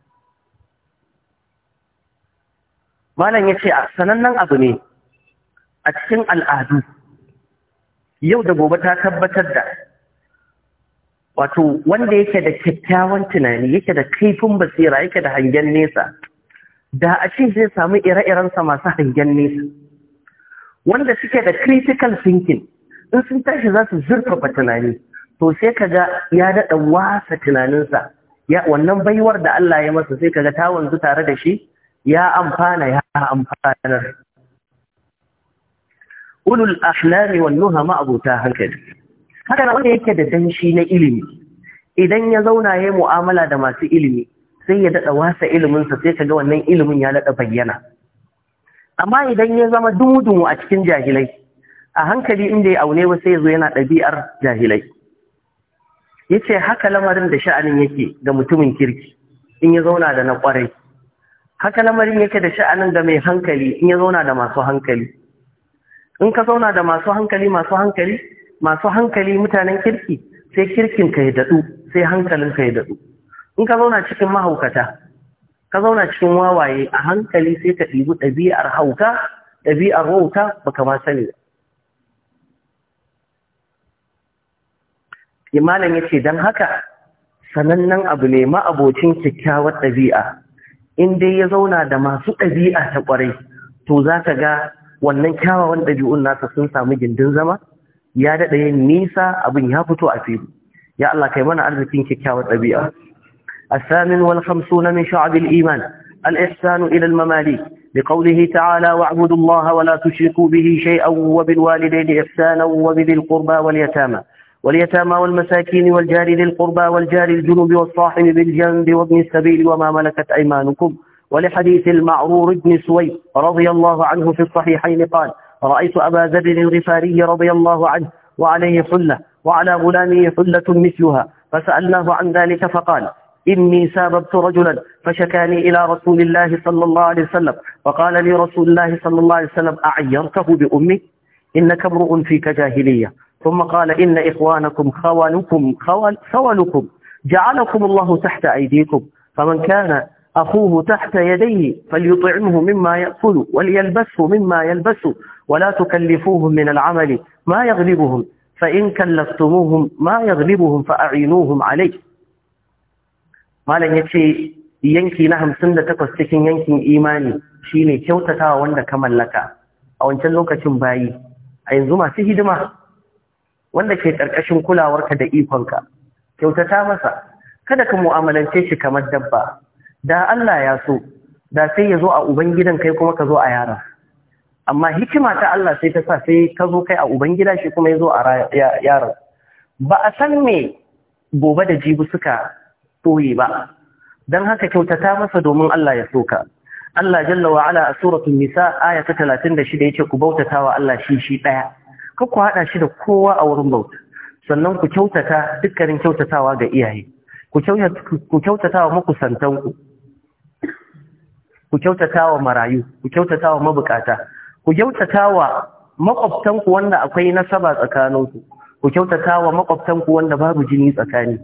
malam yace a sanannen abu ne a cikin al'adu yau da gobe ta tabbatar da wato wanda yake da kyakkyawan tunani yake da kaifin basira yake da hangen nesa da a cikin zai samu ire-irensa masu hangen nesa wanda suke da critical thinking in sun tashi za su zurfafa tunani to sai kaga ya daɗa wasa tunaninsa wannan baiwar da Allah ya masa sai kaga ta wanzu tare da shi ya amfana ya amfanar ulul ahlami wan nuha ma abuta hankali haka na wanda yake da danshi na ilimi idan ya zauna ya mu'amala da masu ilimi sai ya daɗa wasa iliminsa sai ka ga wannan ilimin ya daɗa bayyana amma idan ya zama dumudumu a cikin jahilai a hankali inda ya aune wasu sai ya zo yana ɗabi'ar jahilai ya ce haka lamarin da sha'anin yake ga mutumin kirki in ya zauna da na ƙwarai haka lamarin yake da sha'anin da mai hankali in ya zauna da masu hankali in ka zauna da masu hankali masu hankali masu hankali mutanen kirki sai kirkin ka ya daɗu sai hankalin ka ya daɗu in ka zauna cikin mahaukata ka zauna cikin wawaye a hankali sai ka ɗibi ɗabi'ar hauka ɗabi'ar wauta baka ma sani ba imanin ya ce don haka sanannen abu ne ma'abocin kyakkyawar ɗabi'a in dai ya zauna da masu ɗabi'a ta ƙwarai to za ka ga wannan kyawawan ɗabi'un nasa sun samu gindin zama ya daɗa yin nisa abin ya fito a fili ya Allah kai mana arzikin kyakkyawar ɗabi'a الثامن والخمسون من شعب الإيمان الإحسان إلى المماليك لقوله تعالى واعبدوا الله ولا تشركوا به شيئا وبالوالدين إحسانا وبذي wal yatama واليتامى والمساكين والجار ذي القربى والجار الجنوب والصاحب بالجنب وابن السبيل وما ملكت أيمانكم ولحديث المعرور بن سويد رضي الله عنه في الصحيحين قال رأيت أبا ذر الغفاري رضي الله عنه وعليه حلة وعلى غلامه حلة مثلها فسألناه عن ذلك فقال إني ساببت رجلا فشكاني إلى رسول الله صلى الله عليه وسلم فقال لي رسول الله صلى الله عليه وسلم أعيرته بأمي إنك امرؤ فيك جاهلية ثم قال إن إخوانكم خوانكم خوانكم جعلكم الله تحت أيديكم فمن كان أخوه تحت يديه فليطعمه مما يأكل وليلبسه مما يلبسه ولا تكلفوهم من العمل ما يغلبهم فإن كلفتموهم ما يغلبهم فأعينوهم عليه ما لن يتشي ينكي نهم سنة da ينكي إيماني شيني كوتتا وانا kyautatawa لك أو mallaka a wancan lokacin bayi a wanda ke ƙarƙashin kulawarka da ikonka kyautata masa kada ka mu'amalance shi kamar dabba da Allah ya so da sai ya zo a ubangidan kai kuma ka zo a yara. amma hikima ta Allah sai ta sa sai ka zo kai a ubangida shi kuma ya zo a yara. ba a san me gobe da jibi suka soye ba don haka kyautata masa domin Allah ya soka Allah jalla wa ala a suratul nisa aya ta 36 yace ku bautatawa Allah shi shi ɗaya. ka ku haɗa shi da kowa a wurin bauta sannan ku kyautata dukkanin kyautatawa ga iyaye ku kyautatawa makusantanku ku kyautatawa marayu ku kyautatawa mabukata ku kyautatawa makwabtanku wanda akwai nasaba tsakaninku ku kyautatawa makwabtanku wanda babu jini tsakani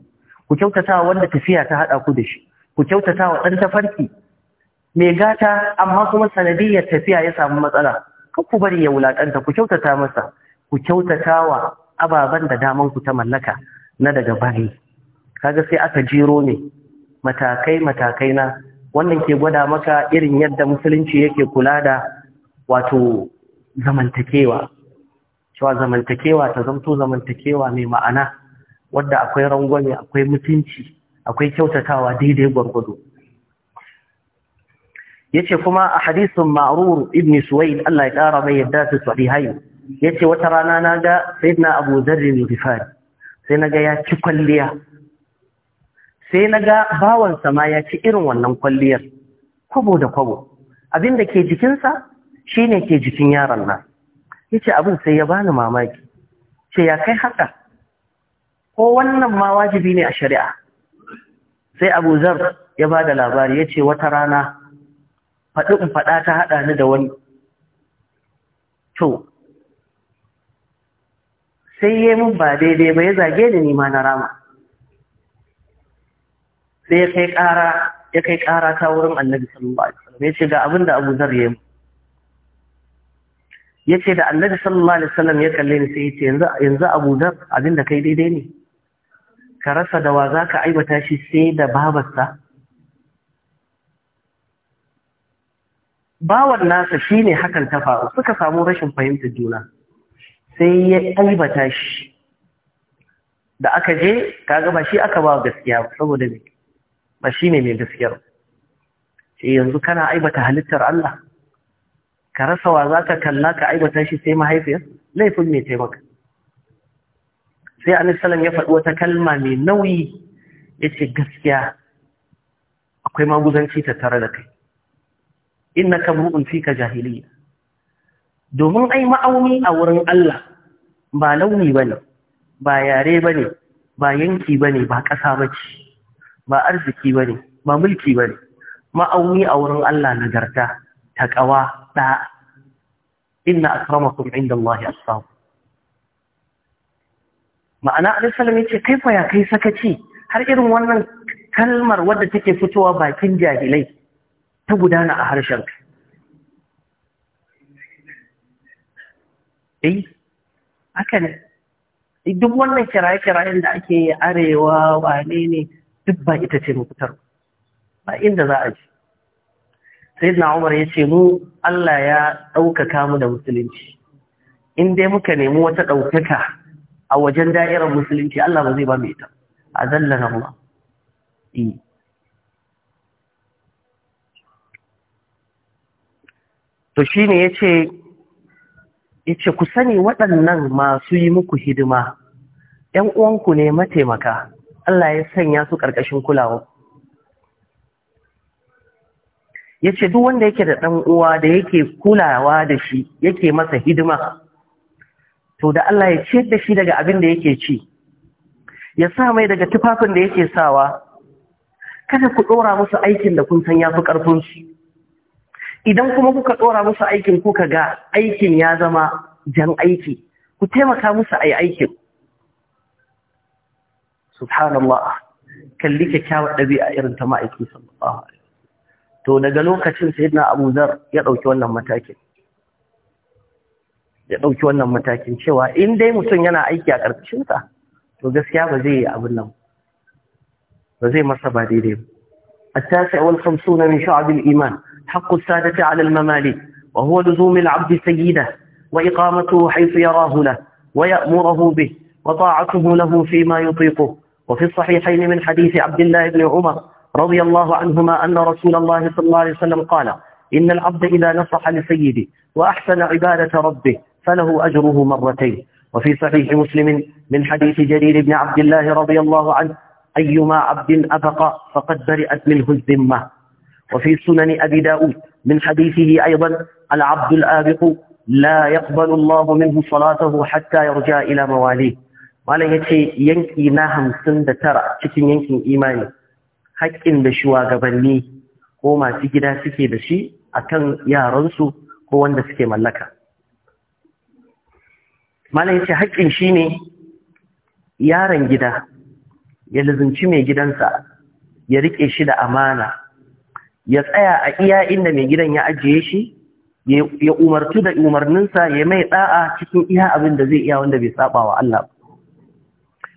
ku kyautatawa wanda tafiya ta haɗa ku da shi ku kyautatawa ɗan tafarki mai gata amma kuma sanadiyyar tafiya ya samu matsala kan ku bari ya wulaƙanta ku kyautata masa ku kyautata wa ababen da daman ku ta mallaka na daga bayi kaga sai aka jiro ne matakai matakai na wannan ke gwada maka irin yadda musulunci yake kula da wato zamantakewa cewa zamantakewa ta zamto zamantakewa mai ma'ana wadda akwai rangwame akwai mutunci akwai kyautatawa daidai gwargwado yace kuma a hadisin ma'rur ibn suwaid Allah ya kara mai yadda su sahihai yace wata rana na ga sai na Abu Dharr al fari. sai ga ya ci kwalliya sai naga bawan sa ma ya ci irin wannan kwalliyar kwabo da kwabo abin da ke jikinsa shine ke jikin yaron nan yace abin sai ya bani mamaki ce ya kai haka ko wannan ma wajibi ne a shari'a sai Abu Zar ya ba da labari ya ce wata rana faɗi in faɗa ta haɗa ni da wani to sai yi mun ba daidai ba ya zage da nima na rama sai ya kai ƙara ya kai ƙara ta wurin annabi sallallahu alaihi wasallam ya ce ga abin da abu zar ya ya ce da annabi sallallahu alaihi wasallam ya kalle ni sai ya ce yanzu abu zar abin da kai daidai ne ka rasa da wa za ka aibata shi sai da babarsa bawan nasa shine hakan ta faru suka samu rashin fahimtar juna sai ya aibata shi da aka je ka gaba shi aka ba gaskiya saboda me ba shi ne mai gaskiyar shi yanzu kana aibata halittar Allah ka rasa wa za ka kalla ka aibata shi sai mahaifiyar laifin mai taimaka sai anisalam ya faɗi wata kalma mai nauyi ya ce gaskiya akwai maguzanci ta tare da kai inna ka bu'un fi ka jahiliya domin ai ma'auni a wurin Allah ba launi ba ne ba yare ba ne ba yanki ba ne ba ƙasa ba ce ba arziki ba ne ba mulki ba ne ma'auni a wurin Allah nagarta ƙawa ɗa inna akramakum inda Allah ya samu ma'ana alisalam ya ce kai fa ya kai sakaci har irin wannan kalmar wadda take fitowa bakin jahilai ta gudana a harshen ka eh? haka ne duk wannan kiraye-kirayen da ake yi arewa wane ne duk ba ita ce mafitar ba inda za a ji sai na umar ya ce mu Allah ya ɗaukaka mu da musulunci in dai muka nemi wata ɗaukaka a wajen da'irar musulunci Allah ba zai ba mu ita a na Allah e. to shine yace yace ku sani waɗannan masu yi muku hidima ‘yan uwanku ne mataimaka Allah ya sanya su ƙarƙashin kulawa Ya ce duk wanda yake da ɗan uwa da yake kulawa da shi yake masa hidima to da Allah ya ciyar da shi daga abin da yake ci ya sa mai daga tufafin da yake sawa kada ku ɗora musu aikin da kun san ya fi shi. idan kuma kuka ɗora musu aikin kuka ga aikin ya zama jan aiki ku taimaka musu a yi aikin subhanallah kalli kyakkyawar ɗabi'a irin ta ma'aiki sallallahu alaihi to daga lokacin sayyidina Abu Zar ya ɗauki wannan matakin ya ɗauki wannan matakin cewa in dai mutum yana aiki a ƙarƙashinsa to gaskiya ba zai yi abin nan ba zai masa ba daidai ba التاسع والخمسون من شعب الإيمان حق السادة على المماليك وهو لزوم العبد سيده وإقامته حيث يراه له ويأمره به وطاعته له فيما يطيقه وفي الصحيحين من حديث عبد الله بن عمر رضي الله عنهما أن رسول الله صلى الله عليه وسلم قال إن العبد إذا نصح لسيده وأحسن عبادة ربه فله أجره مرتين وفي صحيح مسلم من حديث جرير بن عبد الله رضي الله عنه أيما عبد أبقى فقد برئت منه الذمة وفي سنن أبي داود من حديثه أيضا العبد الآبق لا يقبل الله منه صلاته حتى يرجع إلى مواليه malam ya ce yanki na hamsin da tara cikin yankin imani haƙƙin da shugabanni ko masu gida suke da shi akan yaransu ko wanda suke mallaka malam ya ce haƙƙin shi ne yaron gida ya lizinci mai gidansa ya riƙe shi da amana ya tsaya a iya inda mai gidan ya ajiye shi ya umartu da umarninsa ya mai da'a cikin iya abin da zai iya wanda bai saba wa Allah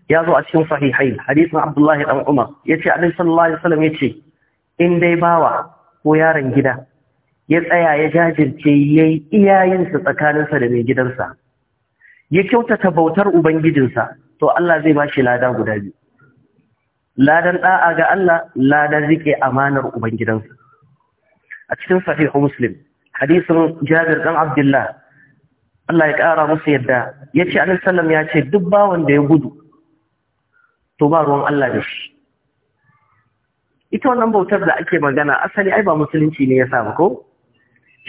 ya zo a cikin sahihai hadisin Abdullahi dan Umar yace Annabi sallallahu alaihi wasallam yace in dai bawa ko yaron gida ya tsaya ya jajirce yayi iyayensa tsakaninsa da mai gidansa ya kyautata bautar ubangijinsa to Allah zai ba shi lada guda biyu ladan da'a ga Allah ladan rike amanar ubangidansu. a cikin sahih muslim hadisin Jabir dan Abdullah Allah ya kara musu yadda yace annabi sallam ya ce duk bawan da ya gudu to ba ruwan Allah da shi ita wannan bautar da ake magana asali ai ba musulunci ne ya samu ko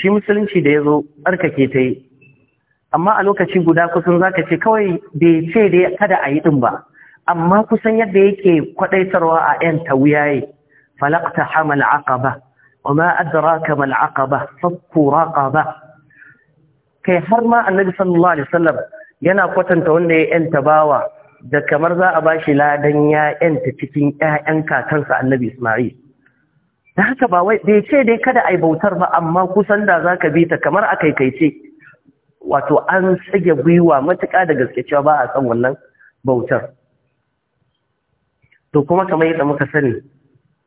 shi musulunci da ya zo tsarkake ta yi amma a lokaci guda kusan zaka ce kawai bai ce dai kada a yi din ba amma kusan yadda yake kwadaitarwa a yan tawiyaye falaqta hamal aqaba wama adraka mal aqaba fakku raqaba kai har ma annabi sallallahu alaihi wasallam yana kwatanta wanda ya yanta bawa da kamar za a bashi ladan ya ta cikin ƴaƴan kakansa annabi Isma'il da haka ba wai bai ce dai kada ai bautar ba amma kusan da za ka bi ta kamar a kai wato an tsage gwiwa matuƙa da gaske cewa ba a san wannan bautar to kuma kamar yadda muka sani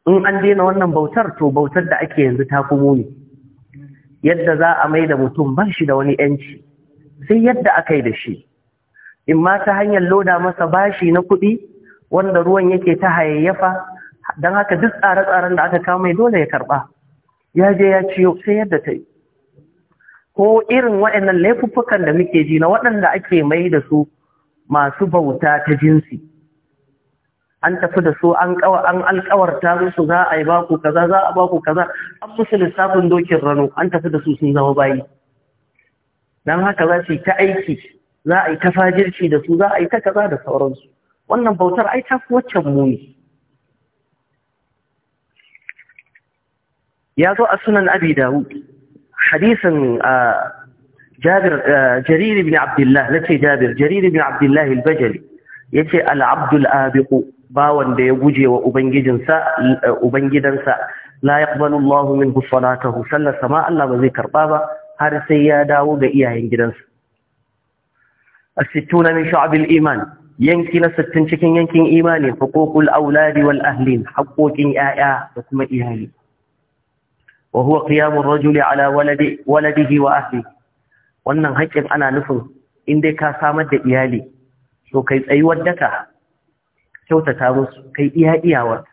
in an daina wannan bautar to bautar da ake yanzu ta kuma ne yadda za a mai da mutum ba shi da wani yanci sai yadda aka yi da shi in ma ta hanyar loda masa bashi na kuɗi wanda ruwan yake ta hayayyafa don haka duk tsare-tsaren da aka kawo mai dole ya karɓa ya je ya ciyo sai yadda ta yi ko irin waɗannan laifuffukan da muke ji na waɗanda ake mai da su masu bauta ta jinsi an tafi da su an an alkawarta musu za a yi baku kaza za a baku kaza an musu lissafin dokin rano an tafi da su sun zama bayi Don haka za su yi ta aiki za a yi ta fajirci da su za a yi ta kaza da sauransu wannan bautar ai ta fi waccan muni ya zo a sunan abi dawud hadisin جابر جرير بن عبد الله لا جابر جرير بن عبد الله البجلي يجي العبد الآبق bawan da ya guje wa ubangijinsa ubangidansa la yaqbalu Allahu minhu salatahu sallar sama Allah ba zai karɓa ba har sai ya dawo ga iyayen gidansa as-sittuna min sha'bil iman yanki na sittin cikin yankin imani huququl auladi wal ahli haqqoqin yaya da kuma iyali wa huwa qiyamur rajuli ala waladi waladihi wa ahli wannan haƙƙin ana nufin in dai ka samar da iyali to kai tsayuwar daka kyautata musu kai iya iyawa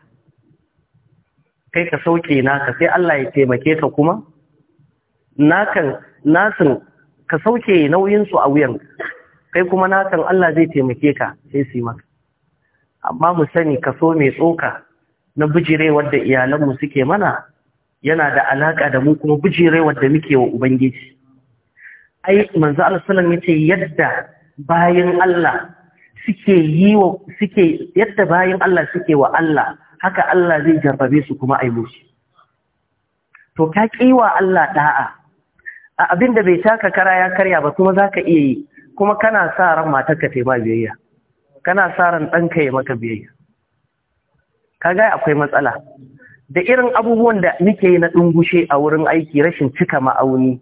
kai ka sauke naka sai Allah ya taimake ka kuma nakan nasin ka sauke nauyin su a wuyan kai kuma nakan Allah zai taimake ka sai su yi maka amma mu sani ka so mai tsoka na wanda da iyalanmu suke mana yana da alaka da mu kuma bijirewar da muke wa Ubangiji. Ai, manzo Allah yace yadda bayan Allah suke yi wa suke yadda bayan Allah suke wa Allah haka Allah zai jarrabe su kuma ai musu to ka kiwa Allah da'a a abinda bai taka kara ya karya ba kuma zaka iya yi kuma kana sa ran matarka ta yi ma biyayya kana sa ran ɗanka ya maka biyayya kaga akwai matsala da irin abubuwan da muke yi na dungushe a wurin aiki rashin cika ma'auni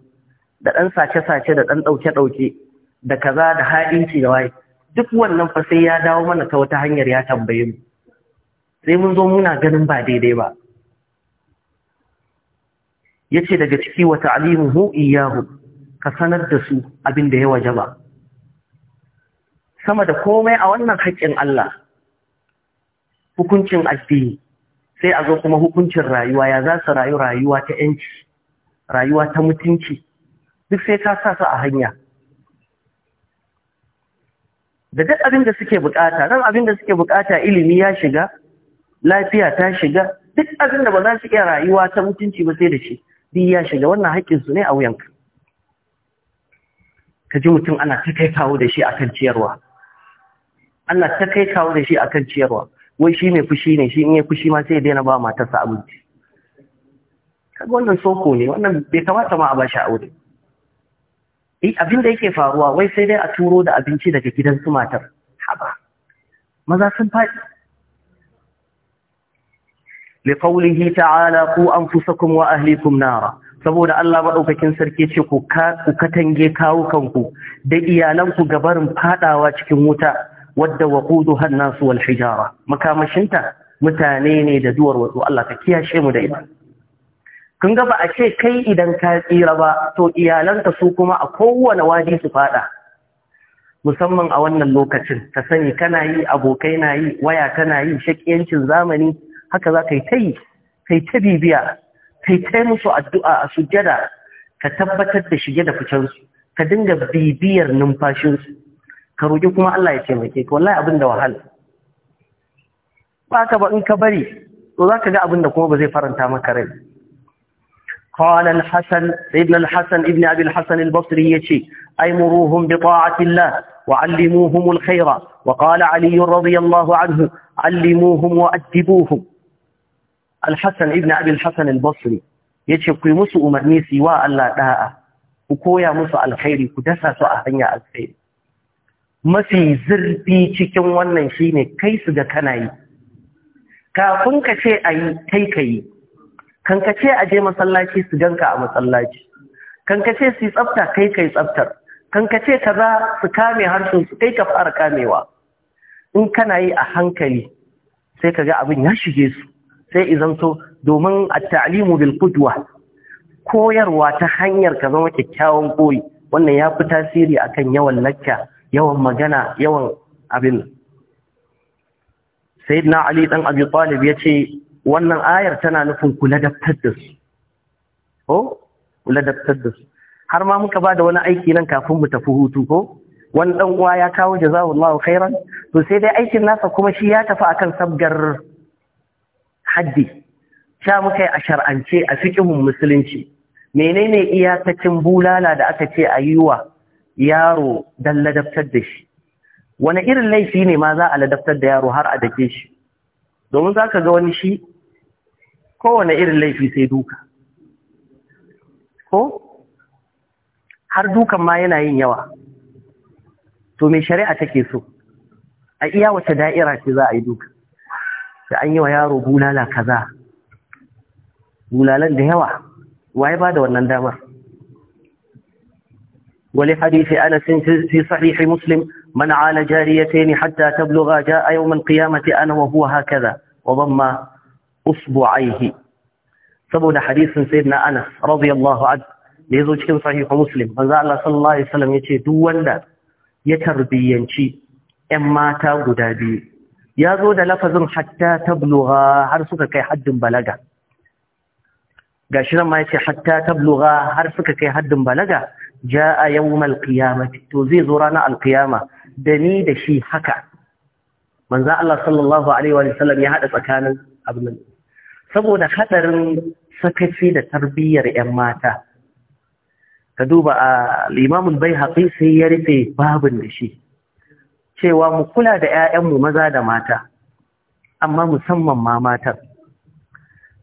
da ɗan sace-sace da ɗan ɗauke-ɗauke da kaza da ha'inci da waye duk wannan fa sai ya dawo mana ta wata hanyar ya tambaye mu sai mun zo muna ganin ba daidai ba yace daga ciki wa ta'limuhu iyyahu ka sanar da su abin da ya ba. sama da komai a wannan haƙƙin Allah hukuncin addini sai a zo kuma hukuncin rayuwa ya za su rayu rayuwa ta yanci rayuwa ta mutunci duk sai ka sa a hanya da duk abin da suke bukata ran abin da suke bukata ilimi ya shiga lafiya ta shiga duk abin da ba za su iya rayuwa ta mutunci ba sai da shi duk ya shiga wannan haƙƙin su ne a wuyanka ka ji mutum ana ta kai kawo da shi akan ciyarwa ana ta kai kawo da shi akan ciyarwa wai shi mai fushi ne shi in ya fushi ma sai ya daina ba matarsa abinci kaga wannan soko ne wannan bai kamata ma a ba shi aure eh abin da yake faruwa wai sai dai a turo da abinci daga gidan su matar haba maza sun faɗi liqaulihi ta'ala qu anfusakum wa ahlikum nara saboda Allah maɗaukakin sarki ce ku katange kawo kanku da iyalanku gabarin fadawa cikin wuta wadda waqudu hannasu wal hijara makamashinta mutane ne da duwar wato Allah ka kiyashe mu da ita kun ga ba a ce kai idan ka tsira ba to iyalanka su kuma a kowane waje su fada musamman a wannan lokacin ka sani kana yi abokai na yi waya kana yi shakiyancin zamani haka za ka yi ta yi kai ta bibiya kai ta musu addu'a a sujjada ka tabbatar da shige da ficensu ka dinga bibiyar numfashinsu ka roƙi kuma Allah ya taimake ka wallahi abin da wahala ba ka ba in ka bari to za ka ga abin da kuma ba zai faranta maka rai قال الحسن سيدنا الحسن ابن أبي الحسن البصري يشي أيمروهم بطاعة الله وعلموهم الخير وقال علي رضي الله عنه علموهم وأدبوهم الحسن ابن أبي الحسن البصري يشي قيمس أمرني سواء الله داء وكويا مصع الخير كدسا سأهنيا الخير mafi zurfi cikin wannan shine kai su ga kana yi kafin ka ce a yi kai ka yi kankace a je masallaci su ganka a masallaci kankace su yi tsafta kai kai tsaftar kankace kaza su kame harshen su kai ka fara kamewa in kana yi a hankali sai ka ga abin ya shige su sai to domin at-ta'limu bil qudwa koyarwa ta hanyar ka zama kyakkyawan koyi wannan ya fi tasiri akan yawan lakka yawan magana yawan abin sayyidina ali dan abi talib yace wannan ayar tana nufin ku ladabtar da su ko da su har ma muka ba da wani aiki nan kafin mu tafi hutu ko wani dan uwa ya kawo jazawallahu khairan to sai dai aikin nasa kuma shi ya tafi akan sabgar haddi sha muka yi a shar'ance a fiqhun musulunci menene iyakacin bulala da aka ce a wa yaro dan ladabtar da shi wani irin laifi ne ma za a ladabtar da yaro har a dake shi domin za ka ga wani shi kowane irin laifi sai duka ko har dukan ma yana yin yawa to me shari'a take so a iya wace da'ira ce za a yi duka da an yi wa yaro bulala kaza bulalan da yawa waye ba da wannan damar ولحديث أنس في صحيح مسلم من عال جاريتين حتى تبلغ جاء يوم القيامة أنا وهو هكذا وضم usbu'aihi saboda hadisin sayyidina Anas radiyallahu anhu da yazo cikin sahihu Muslim manzo Allah sallallahu alaihi wasallam yace duk wanda ya tarbiyanci 'yan mata guda biyu ya zo da lafazin hatta tablugha har suka kai haddin balaga gashi nan ma yace hatta tablugha har suka kai haddin balaga jaa yawmal qiyamati to zai zo ranar alqiyama da ni da shi haka manzo Allah sallallahu alaihi wa sallam ya hada tsakanin abin saboda hadarin sakaci da tarbiyyar 'yan mata ka duba a limamin bai haƙi sai ya rufe babin da shi cewa mu kula da 'ya'yanmu maza da mata amma musamman ma matan.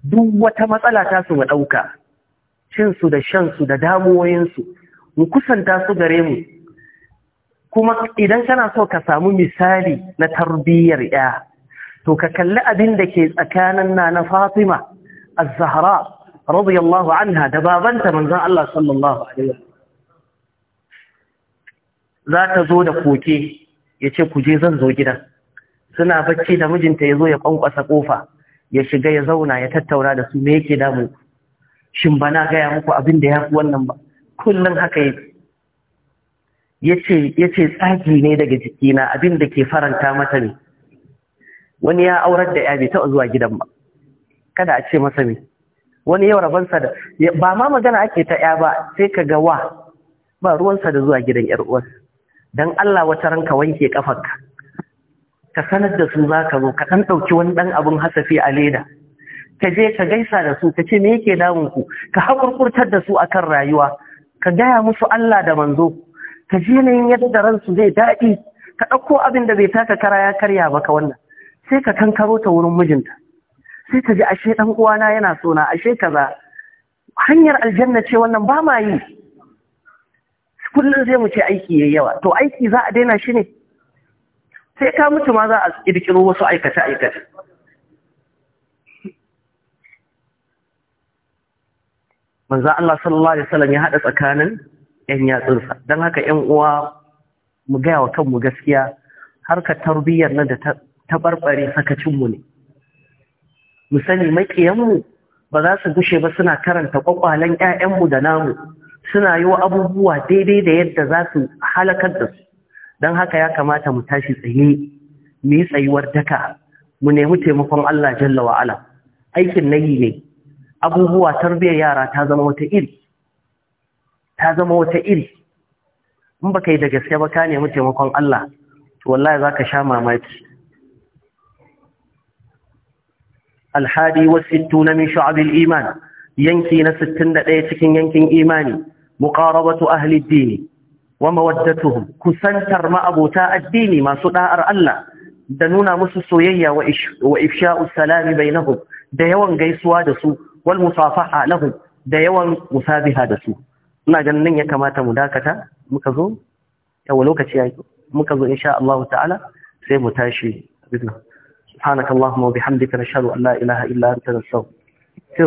duk wata matsala ta su mu ɗauka cinsu da shansu da damuwoyinsu mu kusanta su gare mu kuma idan kana so ka samu misali na tarbiyyar 'ya to ka kalli abin da ke tsakanin na na Fatima a zahara radiyallahu anha da babanta manzan Allah sallallahu alaihi za ta zo da koke ya ce ku je zan zo gidan suna bacci da mijinta ya zo ya kwankwasa kofa ya shiga ya zauna ya tattauna da su me yake damu shin bana gaya muku abin da ya fi wannan ba kullum haka yi yace tsaki tsagi ne daga jikina abin da ke faranta mata ne wani ya aurar da ya bai taɓa zuwa gidan ba kada a ce masa me wani yau rabansa da ba ma magana ake ta ya ba sai ka ga wa ba ruwansa da zuwa gidan yar uwar dan Allah wata ranka wanke kafarka ka sanar da su za ka zo ka ɗan ɗauki wani ɗan abun hasafi a leda ka je ka gaisa da su ka ce me yake damun ku ka hakurkurtar da su akan rayuwa ka gaya musu Allah da manzo ka je ne yadda ransu zai daɗi ka ɗauko abin da bai taka kara ya karya ba wannan sai ka tankaro ta wurin mijinta sai ta ji ashe dan uwana yana sona ashe kaza hanyar aljanna ce wannan ba ma yi kullum zai mu ce aiki yayi yawa to aiki za a daina shi ne sai ka mutu ma za a kirkiro wasu aikace aikace manzo Allah sallallahu alaihi wasallam ya hada tsakanin yan yatsunsa dan haka yan uwa mu gaya wa kanmu gaskiya harkar tarbiyyar nan da sakacin sakacinmu ne mu sani maƙiyanmu ba za su gushe ba suna karanta ƙwaƙwalen 'ya'yanmu da namu suna yi wa abubuwa daidai da yadda za su halakar da su don haka ya kamata mu tashi tsaye mu yi tsayuwar daka mu nemi taimakon Allah jalla wa'ala aikin nayi ne abubuwa tarbiyyar yara ta zama wata iri ta zama wata iri in baka yi da gaske ba ka nemi taimakon Allah to wallahi zaka sha mamaki alhadi wasittu na min sha'abil iman yanki na sittin da ɗaya cikin yankin imani muqarabatu ahli ad-din wa mawaddatuhum kusantar ma'abota addini masu ɗa'ar Allah da nuna musu soyayya wa ifsha'u salami bainahum da yawan gaisuwa dasu, wal musafaha nahu da yawan musabiha dasu. su ina ganin nan ya kamata mu dakata muka zo yawa lokaci ya muka zo insha Allah ta'ala sai mu tashi bismillah سبحانك اللهم وبحمدك نشهد أن لا إله إلا أنت نستغفرك